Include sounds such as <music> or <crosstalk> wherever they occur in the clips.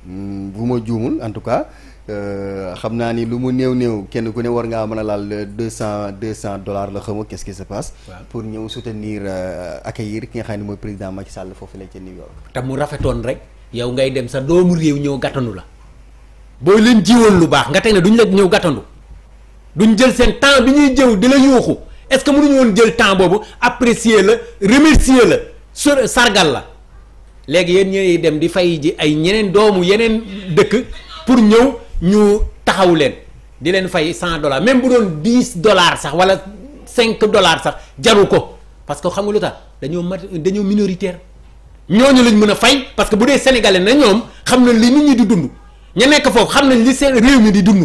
Mm, bu ma juumul en tout cas euh, xam naa ni lu mu néew néew kenn ku ne war ngaa mën a laal deux cent deux cent dollars la xama qu'est-ce qui se passe pour ñëw soutenir euh, accueillir ki nga xam ne mooy président Macky Sall foofu la ca New York te mu rafetoon rek yow ngay dem sa doomu réew ñëw gàttandu la boo leen jiwoon lu baax nga teg ne duñ la ñëw du ñu jël seen temps bi ñuy jëw di la yuuxu est-ce que mënuñu woon jël temps boobu apprécier la remercier la sargal la léegi yéen ñooy dem di fay ji ay ñeneen doomu yeneen dëkk pour ñëw ñu taxaw leen di leen fay cent dollars même bu doon dix dollars sax wala cinq dollars sax jaru ko parce que xam nga lu tax dañoo mat dañoo minoritaire ñooñu lañ mën a fay parce que bu dee sénégalais na ñoom xam na li nit ñi di dund ñu nekk foofu xam nañ li seen réew mi di dund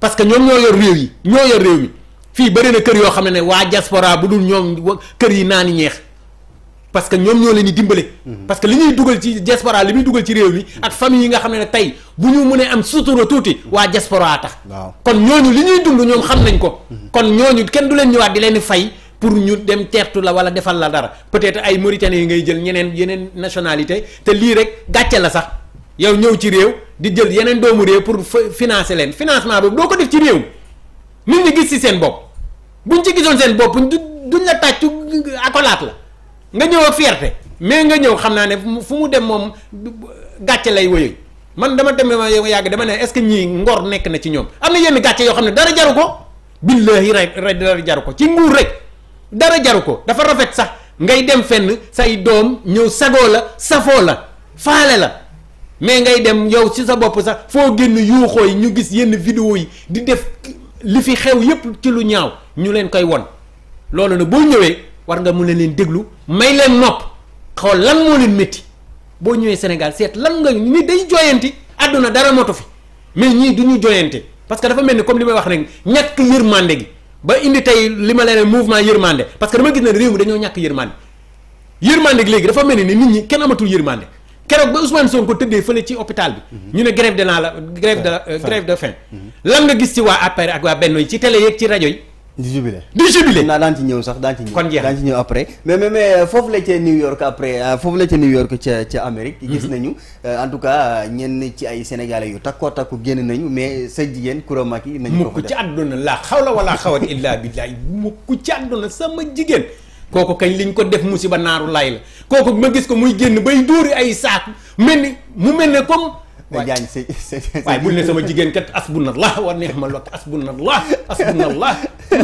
parce que ñoom ñoo yor réew yi ñoo yor réew mi fii bëri na kër yoo xam ne ne waa diaspora bu dul ñoom kër yi naa ni ñeex parce que ñoom ñoo leen di dimbale. Mhm. parce que li ñuy dugal ci diaspora li muy dugal ci réew mi. ak famille yi nga xam ne tey bu ñu mënee am sutura tuuti waa diaspora tax. kon ñooñu li ñuy dund ñoom xam nañ ko. Mhm. kon ñooñu kenn du leen ñëwaat di leen fay pour ñu dem teertu la wala defal la dara peut-être ay Mauritanie yi ngay jël ñeneen yeneen nationalité te lii rek gàcce la sax yow ñëw ci réew di jël yeneen doomu réew pour financer leen financement boobu doo ko def ci réew nit gis ci seen bopp buñ ci gisoon seen bopp duñ la tàccu accolade la. nga ñëw ak fierté mais nga ñëw xam naa ne fu mu dem moom gàcce lay wëyee man dama dem ma yàgg dama ne est-ce que ñii ngor nekk na ci ñoom am na yenn gàcce yoo xam ne dara jaru ko billaahi rek dara jaru ko ci nguur rek dara jaru ko dafa rafet sax ngay dem fenn say doom ñëw sagoo la safoo la faale la mais ngay dem yow ci sa bopp sax foo génn yuuxoo yi ñu gis yenn video yi di def li fi xew yépp ci lu ñaaw ñu leen koy won loolu nag boo ñëwee war nga mu a leen déglu may leen nopp xool lan moo leen métti boo ñëwee Sénégal seet lan nga ni day jooyanti àdduna dara moto fi mais ñii du ñu jooyante parce que dafa mel ni comme li may wax rek ñàkk yërmande gi ba indi tey li ma leen mouvement yërmande parce que dama gis ne réew mi dañoo ñàkk yërmande yërmande gi léegi dafa mel ni nit ñi kenn amatul yërmande keroog ba Ousmane Sonko tëddee fële ci hôpital bi. Mhm. ñu ne grève de la grève de la grève de faim. lan nga gis ci waa APR ak waa ci télé yeeg ci rajo yi. di jubilé di jubilé naa daan ci ñëw sax daan ci ñëw kon jeex daan ci ñëw après mais mais mais euh, foofu la ca New York après euh, foofu la ca New York ca ca Amérique mm-hmm. gis nañu euh, en tout cas ñenn ci ay sénégalais yu takkoo takku génn nañu mais sa jigéen kuramag yi nañu mukk ci àdduna laa xawla wala xawat illa billahi mukk ci àdduna sama jigéen kooku kañ liñ ko def musiba naaru laay la kooku ma gis ko muy génn bay dóori ay saak mel ni mu mel ne comme te jaañ si si waaye buñ ne sama jigéen kat asbunallah wa ni'mal wakil asbunallah asbunallah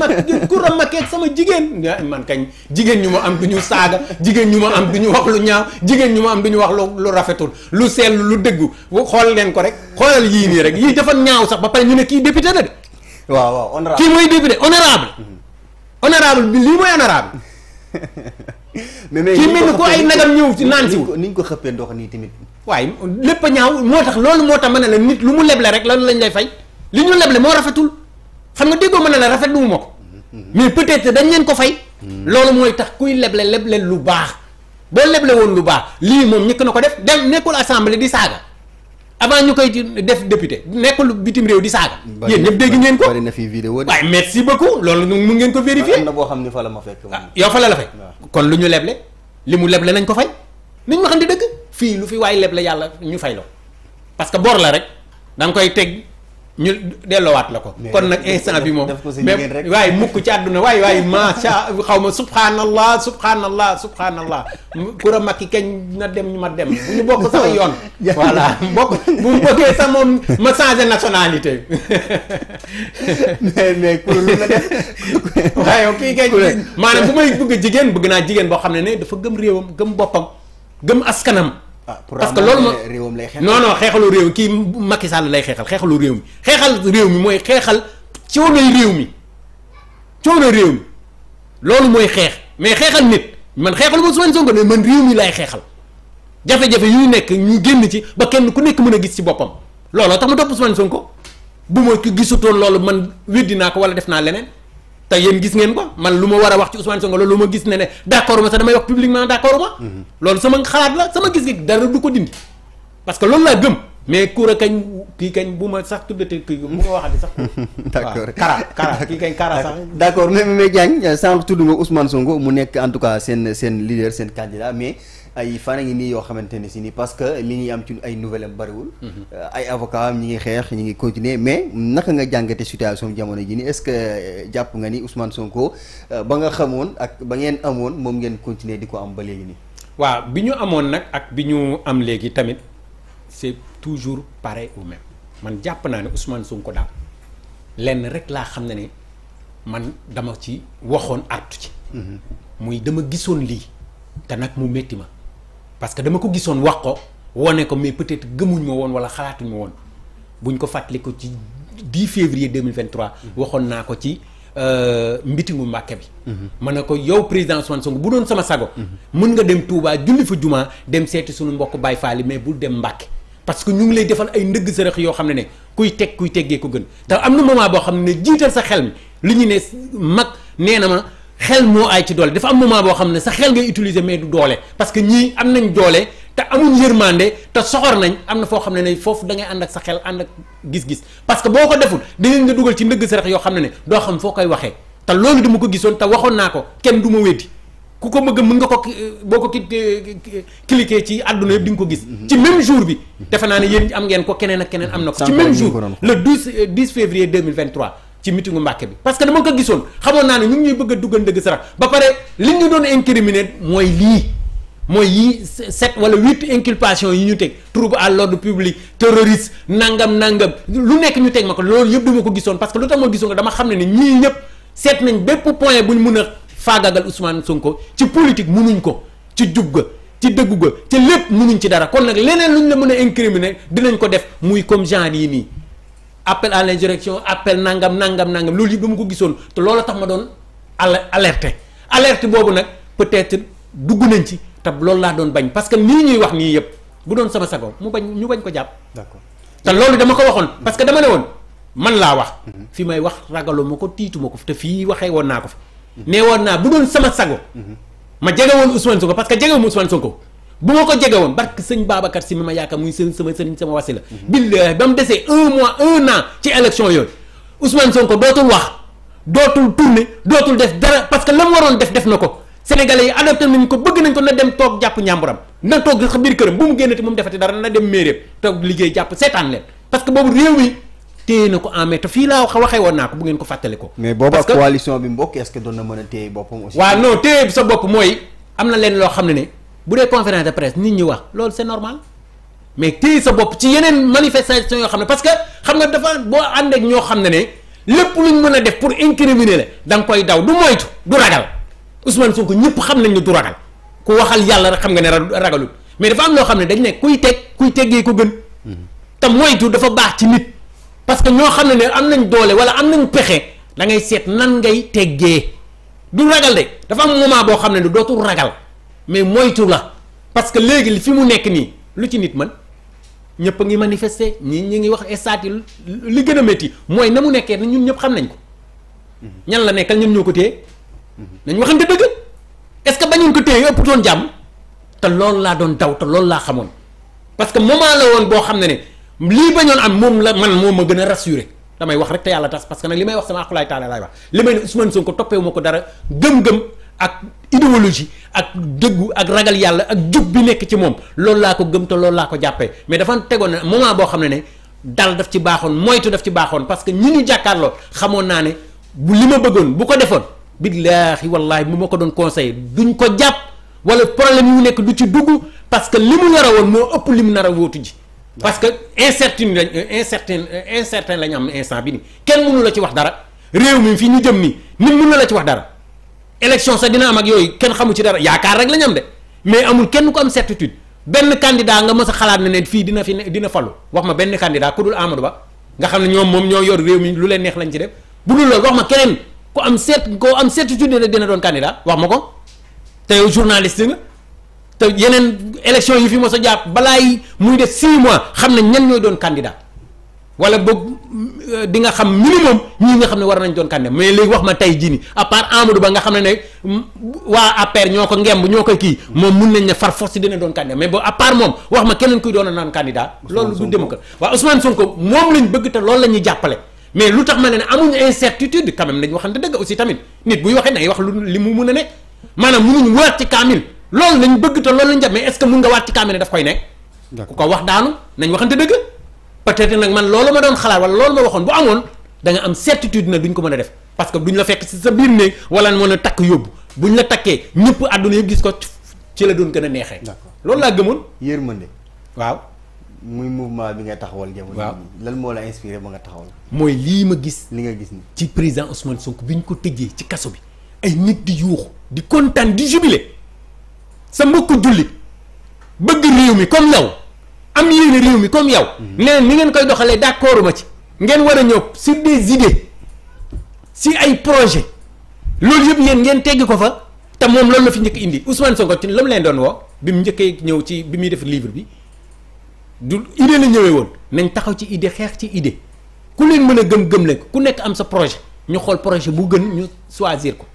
mag ku ramakeeg sama jigéen man jigéen ñu ma am du ñu saaga jigéen ñu ma am du ñu wax lu ñaaw jigéen ñu mu am du ñu wax lu lu rafetul lu sell lu dëggu xool leen ko rek xoolal yii nii rek yii dafa ñaaw sax ba pare ñu ne kii député la de waaw waaw honorable kii mooy député honorable honorable lii mooy honorable <laughs> mais kii mel ni ko ay nagam ñëw ci naan si wu ni ñu ko xëppee ndox nii tamit. waaye lépp a ñaaw moo tax loolu moo tax ma ne la nit lu mu leble rek lan lañ lay fay li ñu leble moo rafetul xam nga déggoo ma ne rafet rafetlu wu ma ko. mais peut-être dañ leen ko fay. loolu mooy tax kuy leble leble lu baax boo leble woon lu baax lii moom ñëkk na ko def dem nekkul assemblée di saaga. avant ñu koy def député nekkul bitim réew di saaga. yéen ñëpp dégg ngeen ko bari na fi vidéo de. waaye merci beaucoup loolu mun ngeen ko vérifier. am na boo xam ne fa la ah, yow fa la la fekk. kon lu ñu leble li mu leble nañ ko fay nañ ma xam ne dëgg fii lu fi waay leble yàlla ñu fay loo parce que bor la rek danga koy teg. ñu dellowaat la ko kon nag instant bi moom mais waaye mukk ci àdduna waaye waaye macha xaw ma subhanallah subhanallah subhanallah ku a makki kañ na dem ma dem bu ñu bokk sama yoon <laughs> voilà bokk bu mu bëggee sax moom ma changé nationalité <laughs> mais mais ku lu la def <laughs> waaye kii kañ maanaam bu may bëgg jigéen bëgg naa jigéen boo xam ne ne dafa gëm réewam gëm boppam gëm askanam Ah, parce que loolu moom non non xeexalu réew kii Macky Sall lay xeexal xeexalu réew mi xeexal réew mi mooy xeexal coonoy réew mi coonoy réew mi loolu mooy xeex mais xeexal nit man xeexalu ma Ousmane Sonko ne man réew mi lay xeexal jafe-jafe yu nekk ñu génn ci ba kenn ku nekk mën a gis ci boppam looloo tax mu topp soon Sonko bu ma ko gisutoon loolu man weddi naa ko wala def naa leneen te yéen gis ngeen ko man lu ma war a wax ci Ousmane Sonko loolu lu ma gis ne ne d' accord ma sax damay wax publiquement d' accord ma. Mhm. loolu sama que loolu laa mais kuur a kañ kii kañ bu ma sax tuddati kii bu ma waxati sax. <laughs> d' accord kara kara kii kañ kara sax. mais mais Diagne sànq tudd nga Ousmane Sonko mu nekk en tout cas seen seen leader seen candidat mais. ay fan a ngi nii yoo xamante ne si nii parce que li ñuy am ci ay nouvelle am bariwul. Mhm. ay avocat am ñi ngi xeex ñi ngi continuer mais naka nga jàngate situation jamono ji nii est-ce que euh, jàpp nga ni Ousmane Sonko euh, ba nga xamoon ak ba ngeen amoon moom ngeen continuer di ko am ba léegi nii. waaw bi ñu amoon nag ak bi ñu am léegi tamit c'est toujours pareil au même man jàpp naa ne Ousmane Sonko daal lenn rek laa xam ne ni man dama ci waxoon artu ci. Mhm. muy dama gisoon lii te nag mu métti ma. parce que dama ko gisoon wax ko wone ko mais peut-être gëmuñ ma woon wala xalaatuñu ma woon buñ ko fàttaliku ci 10 février 2023. waxoon naa ko ci euh, mbitingu Mbàkke bi. Mhm. ma ne ko yow président Ousmane Sonko bu doon sama sago. Mhm. mën nga dem Touba julli fa jumaa dem seeti suñu mbokk Baay Faal mais bul dem Mbàkke. parce que ñu ngi lay defal ay ndëgg sërëx yoo xam ne ne kuy teg kuy teggee ko gën te am na moment boo xam ne jiital sa xel mi li ñu ne mag nee na ma. xel moo ay ci doole dafa am moment boo xam ne sa xel ngay utiliser mais du doole parce que ñii am nañ doole te amuñ yërmande te soxor nañ am na foo xam ne ne foofu da ngay ànd ak sa xel ànd ak gis-gis parce que boo ko deful dinañ la dugal ci ndëgg sarax yoo xam ne ne doo xam foo koy waxee te loolu dama ko gisoon te waxoon naa ko kenn du ma weddi ku ko bëgg mën nga ko euh, boo ko ki cliquer ci àdduna yëpp di ko gis mhm. ci même jour bi defe naa ne am ngeen ko keneen ak keneen am na ko ci même jour le 12 10 euh, février ci meetingu Mbàkke bi parce que dama ko gisoon xamoon naa ne ñu ngi ñuy bëgg a duggal ndëgg sarax ba pare li ñu doon incriminé mooy lii mooy yii set wala huit inculpation yi ñu teg trouble à l'ordre public terroriste nangam nangam lu nekk ñu teg ma ko loolu yëpp dama ko gisoon parce que lu tax ma gisoon ko dama xam ne ne ñii ñëpp seet nañ bépp point bu ñu mun a faagagal Ousmane Sonko ci politique munuñ ko ci jub ga ci dëggu ga ci lépp munuñ ci dara kon nag leneen luñ la mën a incriminer dinañ ko def muy comme genre yi nii appel à l'insurrection appel nangam nangam nangam loolu yëpp dama ko gisoon te loolu tax ma doon alerté alerte boobu nag peut-être dugg nañ ci te loolu laa doon bañ parce que nii ñuy wax nii yëpp bu doon sama sago mu bañ ñu bañ ko jàpp. d'accord te loolu dama ko waxoon parce que dama ne woon man laa wax. Mhm. fi may wax ragalu ma ko tiituma ma ko te fii waxee woon naa ko fa ne woon naa bu doon sama sago. Mhm. ma jege woon Ousmane Sonko parce que jege wu ma Ousmane Sonko. bu ma ko jege woon barke sëñ Babacar si mi ma yaakaar muy sëñ sama sëriñ sama wasila. Mhm. billahi ba mu desee un mois un an ci élection yooyu Ousmane Sonko dootul wax dootul tourner dootul def dara parce que la mu waroon def def na ko sénégalais yi adopté nañ ko bëgg nañ ko na dem toog jàpp ñàmburam na toog sa biir këram bu mu génnati moom defati dara na dem mairie toog liggéey jàpp seetaan leen parce que boobu réew mi téye na ko en te fii laa waxee woon naa ko bu ngeen ko fàttale ko mais booba coalition bi mbokk est-ce que mën a téye boppam aussi. waaw non téye sa bopp leen loo xam ne ne bu dee conférence de presse nit ñi wax loolu c'est normal mais téye sa bopp ci yeneen manifestation yoo xam ne parce que xam nga dafa boo ànd ak ñoo xam ne ne lépp luñ mën a def pour incriminer la da nga koy daw du moytu du ragal Ousmane Sonko ñëpp xam nañ ne du ragal ku waxal yàlla rek xam nga ne ragalul mais dafa am loo xam ne dañ ne teg kuy teggee ko gën te moytu dafa baax ci nit parce que ñoo xam ne ne am nañ doole wala am nañ pexe da ngay seet nan ngay teggee du ragal de dafa am moment boo xam ne ne dootul ragal mais moytu la parce que léegi fi mu nekk nii lu ci nit man ñëpp a ngi manifesté ñii ñi ngi wax état yi li gën a métti mooy na mu nekkee na ñun ñëpp xam nañ ko. ñan la nekkal ñun ñoo ko téye. nañ waxante dëgg est-ce que bañuñ ko téye ëpp doon jàmm te loolu laa doon daw te loolu laa xamoon parce que moment la woon boo xam ne ne lii bañoon am moom la man moom ma gën a rassuré damay wax rek te yàlla tas parce nag li may wax sama akulaay taala laay wax li may ne Ousmane ko dara gëm-gëm. ak idéologie ak dëggu ak ragal yàlla ak jub bi nekk ci moom loolu laa ko gëm te loolu laa ko jàppee mais dafa tegoon na moment boo xam ne ne dal daf ci baaxoon moytu daf ci baaxoon parce que ñu ñu jàkkaarloo xamoon naa ne bu li ma bëggoon bu ko defoon billaahi wallaahi mu ma ko doon conseillé duñ ko jàpp wala problème yu nekk du ci dugg parce que li mu nar woon moo ëpp li mu nar a wóotu ji parce que incertitude lañ incertain euh, incertain euh, la ñu am instant bi kenn mënu la ci wax dara réew mi fi ñu jëm nii nit mënu la ci wax dara élection sax dina am ak yooyu kenn xamu ci dara yaakaar rek la ñu am de mais amul kenn ko am certitude benn candidat nga mës a xalaat ne ne fii dina fi dina falu wax ma benn candidat ku dul Amadou Ba nga xam ne ñoom moom ñoo yor réew mi lu leen neex lañ ci def bu dul loolu wax ma keneen ku am cert ko am certitude ne dina doon candidat wax ma ko te yow journaliste nga te yeneen élection yi fi mos a jàpp balaay muy def 6 mois xam ne ñan ñooy doon candidat wala boog euh, di nga xam minimum ñii nga xam ne war nañ doon kànde mais léegi wax ma tey jii nii à part Amadou Ba nga xam ne ne waa APR ñoo ko ngemb ñoo koy kii moom mun nañ ne far force dina doon kànde mais ba à part moom wax ma keneen kuy doon a lañ bëgg te loolu la ñuy jàppale mais lu tax ma ne ne amuñu incertitude quand même nañ waxante dëgg aussi tamit nit buy waxee nay wax lu li mu mun a ne maanaam munuñ waat ci kaamil loolu lañ bëgg te loolu lañ jàpp mais est ce que mun nga waat ci kaamil ne daf koy nekk ku ko wax daanu dëgg peut-être nag man loolu ma doon xalaat wala loolu ma waxoon bu amoon da nga am certitude na duñ ko mën a def parce que duñ la fekk si sa biir néeg wala mën a takk yóbbu buñ la takkee ñëpp àdduna yëpp gis ko ci la doon gën a neexee. loolu laa gëmoon. yërmande waaw. muy mouvement bi nga taxawal. jamono waaw lan moo la inspiré ba nga taxawal. mooy lii ma gis. li nga gis ni ci président Ousmane Sonko bi ñu ko tëjee ci kaso bi ay nit di yuuxu di kontaan di jubilé sa mbokku jullit bëgg réew mi comme yow. am yéene réew mi comme yow mm-hmm. ne ni ngeen koy doxalee d'accord ma ci ngeen war a ñëw sur des idées si ay projet loolu yëpp yéen ngeen teggi ko fa te moom loolu la fi njëkk indi Ousmane Sonko ci la mu leen doon woo bi mu njëkkee ñëw ci bi muy def livre bi du idée la ñëwee woon nañ taxaw ci idée xeex ci idée ku leen mën a gëm gëm leen ku nekk am sa projet ñu xool projet bu gën ñu choisir ko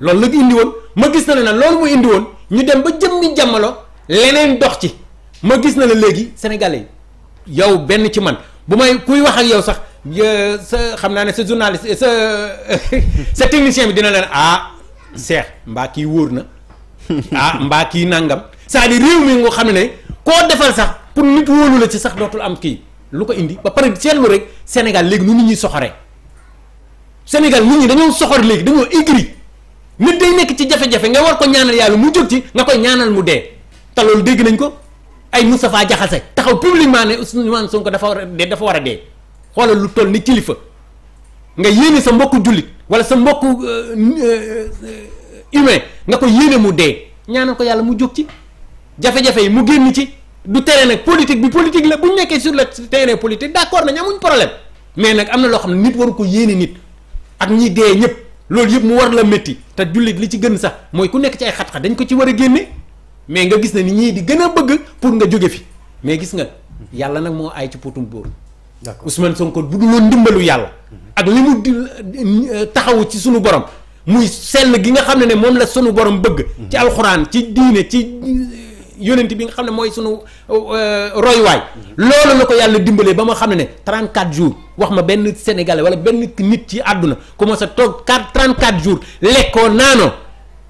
loolu la indi ma gis na ne nag loolu mu indi woon ñu dem ba jëmmi jamono leneen dox ci ma gis na la léegi sénégalais yow benn ci man bu may kuy wax ak yow sax sa xam naa ne sa journaliste sa <laughs> sa technicien bi dina leen ah seex mbaa kii wóor na <laughs> ah mbaa kii nàngam cest di réew mi nga xam ne koo defal sax pour nit wóolu la ci sax dootul am kii lu ko indi ba pare seetlu rek Sénégal léegi lu nit ñuy soxore Sénégal nit ñi dañoo soxor léegi dañoo aigri nit day nekk ci jafe-jafe nga war ko ñaanal yàlla mu jóg ci nga koy ñaanal mu dee te loolu dégg nañ ko ay Moustapha Diakhaté taxaw publiquement ne Ousmane Sonko dafa war a dee dafa war a dee xoolal lu toll ni kilifa nga yéene sa mbokku jullit wala sa mbokku euh, euh, euh, humain nga ko yéene mu dee ñaanal ko yàlla mu jóg ci jafe-jafe yi mu génn ci du terrain nag politique bi politique la bu ñu nekkee sur le terrain politique d'accord nañ amuñ problème mais nag am na loo xam ne nit waru ko yéene nit ak ñi dee ñëpp loolu yëpp mu war la métti te jullit li ci gën sax mooy ku nekk ci ay xat-xat dañ ko ci war a génne. mais nga gis ne ni ñii di gën a bëgg pour nga jóge fi mais gis nga yàlla nag moo ay ci potum bóor d'accord Ousmane Sonko bu dul woon ndimbalu yàlla ak li mu euh, taxawu ci sunu borom muy sell gi nga xam ne ne moom la sunu borom bëgg ci alxuraan ci diine ci euh, yonent bi nga xam ne mooy sunu euh, roywaay loolu la ko yàlla dimbalee ba ma xam ne ne 34 jour wax ma benn sénégalais wala benn nit ci àdduna commencé toog 4 34 jours lekkoo naanoo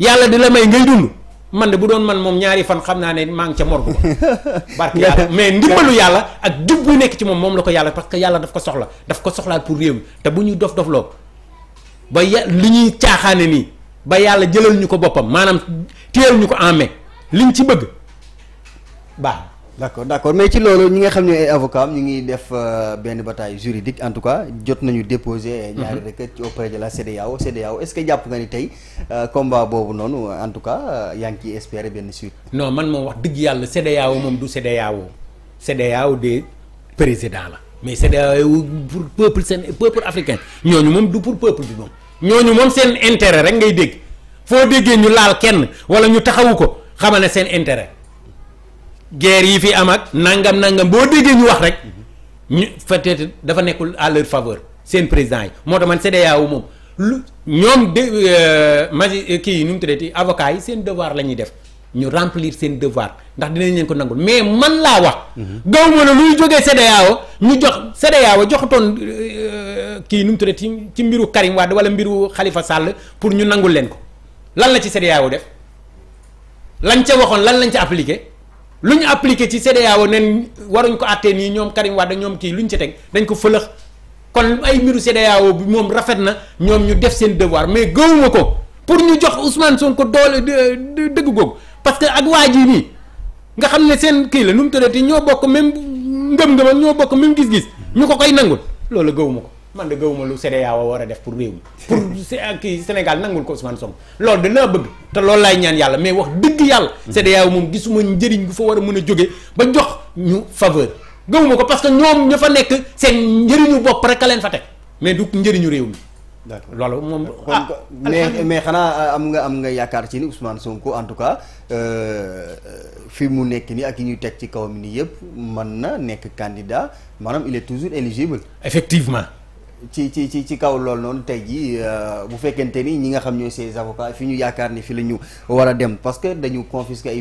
yàlla di la may ngay dund man de bu doon man moom ñaari fan xam naa ne maa ngi ca morgu ba <laughs> barke yàlla mais ndimbalu <laughs> yàlla ak jub bu nekk ci moom moom la ko yàlla parce que yàlla daf ko soxla daf ko soxlaal pour réew mi te bu ñuy dof dofloo ba ya li ñuy caaxaane nii ba yàlla jëlal ñu ko boppam maanaam téyal ñu ko en main liñ ci bëgg baax d' accord d' accord ci loolu ñi nga xam ne ay avocat am ñu ngi def euh, benn bataille juridique en tout cas jot nañu déposé. ñaari mhm. requête ci auprès la CEDEAO CEDEAO est ce que tey euh, combat boobu noonu euh, en tout cas yaa ngi ciy espérer benn suite. non man moom wax dëgg yàlla CEDEAO moom du CEDEAO CEDEAO des présidents la mais CEDEAO pour peuple seen peuple africain ñooñu moom du pour peuple bi moom. ñooñu moom seen intérêt rek ngay dégg foo déggee ñu laal kenn wala ñu taxawu ko xamal ne seen intérêt. guerre yi fi am ak nangam nangam boo déggee ñu wax rek mhm. ñu peut-être dafa nekkul à leur faveur seen président yi moo tax man CEDEAO moom lu ñoom de euh, magi euh, kii nu mu tuddati avocat yi seen devoir la ñuy def ñu remplir seen devoir ndax dinañ leen ko nangul mais man laa wax. Mhm. gaw ma ne luy jógee CEDEAO ñu jox CEDEAO joxatoon euh, kii nu mu tuddati ci mbiru Karim Wade wala mbiru xalifa sàll pour ñu nangul leen ko lan la ci CEDEAO def lañ ca waxoon lan lañ ca appliqué. lu ñu appliqué ci CEDEAO nen waruñ ko àttee nii ñoom Karim Wade ñoom kii lu ñu ci teg dañ ko fëlëx kon ay mbiru CEDEAO bi moom rafet na ñoom ñu def seen devoir mais gëwuma ko pour ñu jox soon ko doole dëgg googu parce que ak waa jii nii nga xam ne seen kii la nu mu tëddati ñoo bokk même ngëm-ngëm ñoo bokk même gis-gis ñu ko koy nangul loolu gëwuma ko. man de gëwuma lu CEDEAO war a def pour réew mi pour kii Sénégal nangul ko Ousmane Sonko loolu danaa bëgg te loolu laay ñaan yàlla mais wax dëgg yàlla CEDEAO moom gisuma njëriñ gu fa war a mën a jóge ba jox ñu faveur gëwuma ko parce que ñoom ña nekk seen njëriñu bopp rek a leen fa teg mais du njëriñu réew mi d'accord loolu moom ah mais xanaa euh, am nga am nga yaakaar ci ni Ousmane Sonko en tout cas euh, fi mu nekk nii ak yi ñuy teg ci kawam nii yëpp man na nekk candidat maanaam il toujours éligible effectivement ci ci ci ci kaw loolu noonu tey jii euh, bu fekkente ni ñi nga xam ñooy ses avocats fi ñu yaakaar ni fi la ñu war a dem parce que dañu confisquer ay